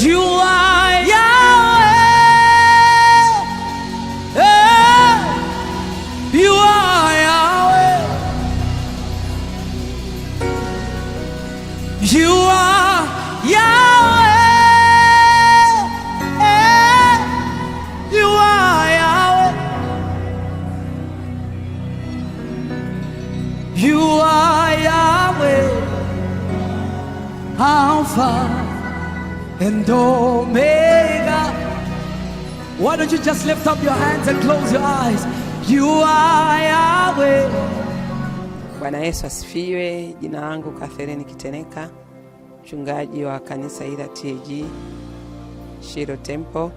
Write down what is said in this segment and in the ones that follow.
Eh, you are Yahweh. You are Yahweh. You are Yahweh. You are Yahweh. You are Yahweh. Alpha. and Omega. Why don't you just lift up your hands and close your eyes? You are Yahweh. Bwana Yesu asifiwe. Jina langu Catherine Kiteneka, mchungaji wa kanisa ila TG Shiro Temple.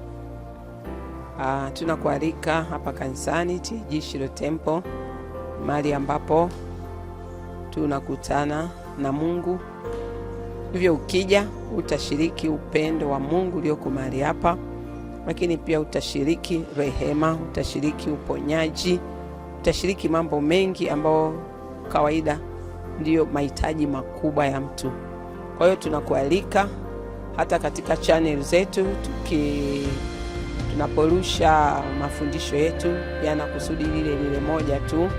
Uh, tunakualika hapa kanisani TG Shiro Temple, mahali ambapo tunakutana na Mungu Hivyo ukija utashiriki upendo wa Mungu ulioko mahali hapa, lakini pia utashiriki rehema, utashiriki uponyaji, utashiriki mambo mengi ambayo kawaida ndiyo mahitaji makubwa ya mtu. Kwa hiyo tunakualika hata katika channel zetu tuki tunaporusha mafundisho yetu yana kusudi lile lile moja tu,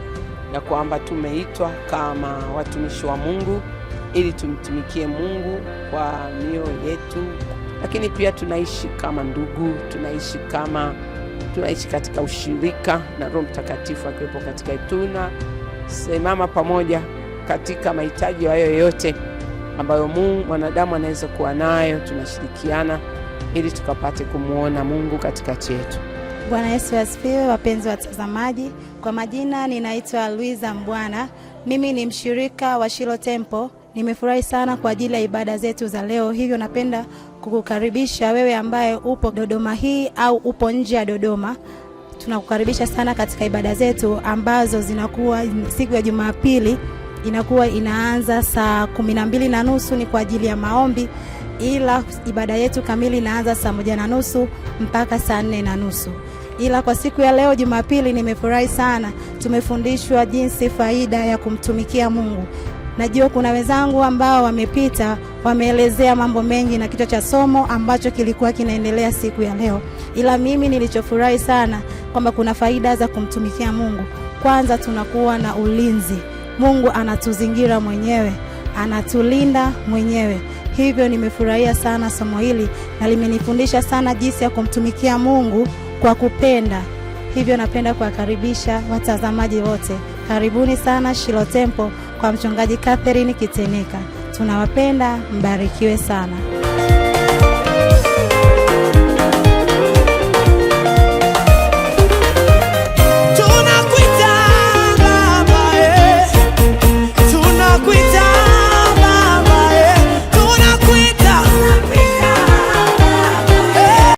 ya kwamba tumeitwa kama watumishi wa Mungu ili tumtumikie Mungu kwa mioyo yetu, lakini pia tunaishi kama ndugu, tunaishi kama tunaishi katika ushirika na Roho Mtakatifu akiwepo katika tuna semama pamoja katika mahitaji hayo yote ambayo Mungu mwanadamu anaweza kuwa nayo, tunashirikiana ili tukapate kumwona Mungu katikati yetu. Bwana Yesu asifiwe, wapenzi watazamaji. Kwa majina ninaitwa Luiza Mbwana, mimi ni mshirika wa Shilo Temple. Nimefurahi sana kwa ajili ya ibada zetu za leo, hivyo napenda kukukaribisha wewe ambaye upo Dodoma hii au upo nje ya Dodoma. Tunakukaribisha sana katika ibada zetu ambazo zinakuwa siku ya Jumapili inakuwa inaanza saa kumi na mbili na nusu ni kwa ajili ya maombi, ila ibada yetu kamili inaanza saa moja na nusu mpaka saa nne na nusu ila kwa siku ya leo Jumapili nimefurahi sana, tumefundishwa jinsi faida ya kumtumikia Mungu. Najua kuna wenzangu ambao wamepita, wameelezea mambo mengi na kichwa cha somo ambacho kilikuwa kinaendelea siku ya leo, ila mimi nilichofurahi sana kwamba kuna faida za kumtumikia Mungu. Kwanza tunakuwa na ulinzi, Mungu anatuzingira mwenyewe, anatulinda mwenyewe. Hivyo nimefurahia sana somo hili na limenifundisha sana jinsi ya kumtumikia Mungu kwa kupenda. Hivyo napenda kuwakaribisha watazamaji wote, karibuni sana Shilo tempo kwa mchungaji Catherine Kiteneka. Tunawapenda, mbarikiwe sana.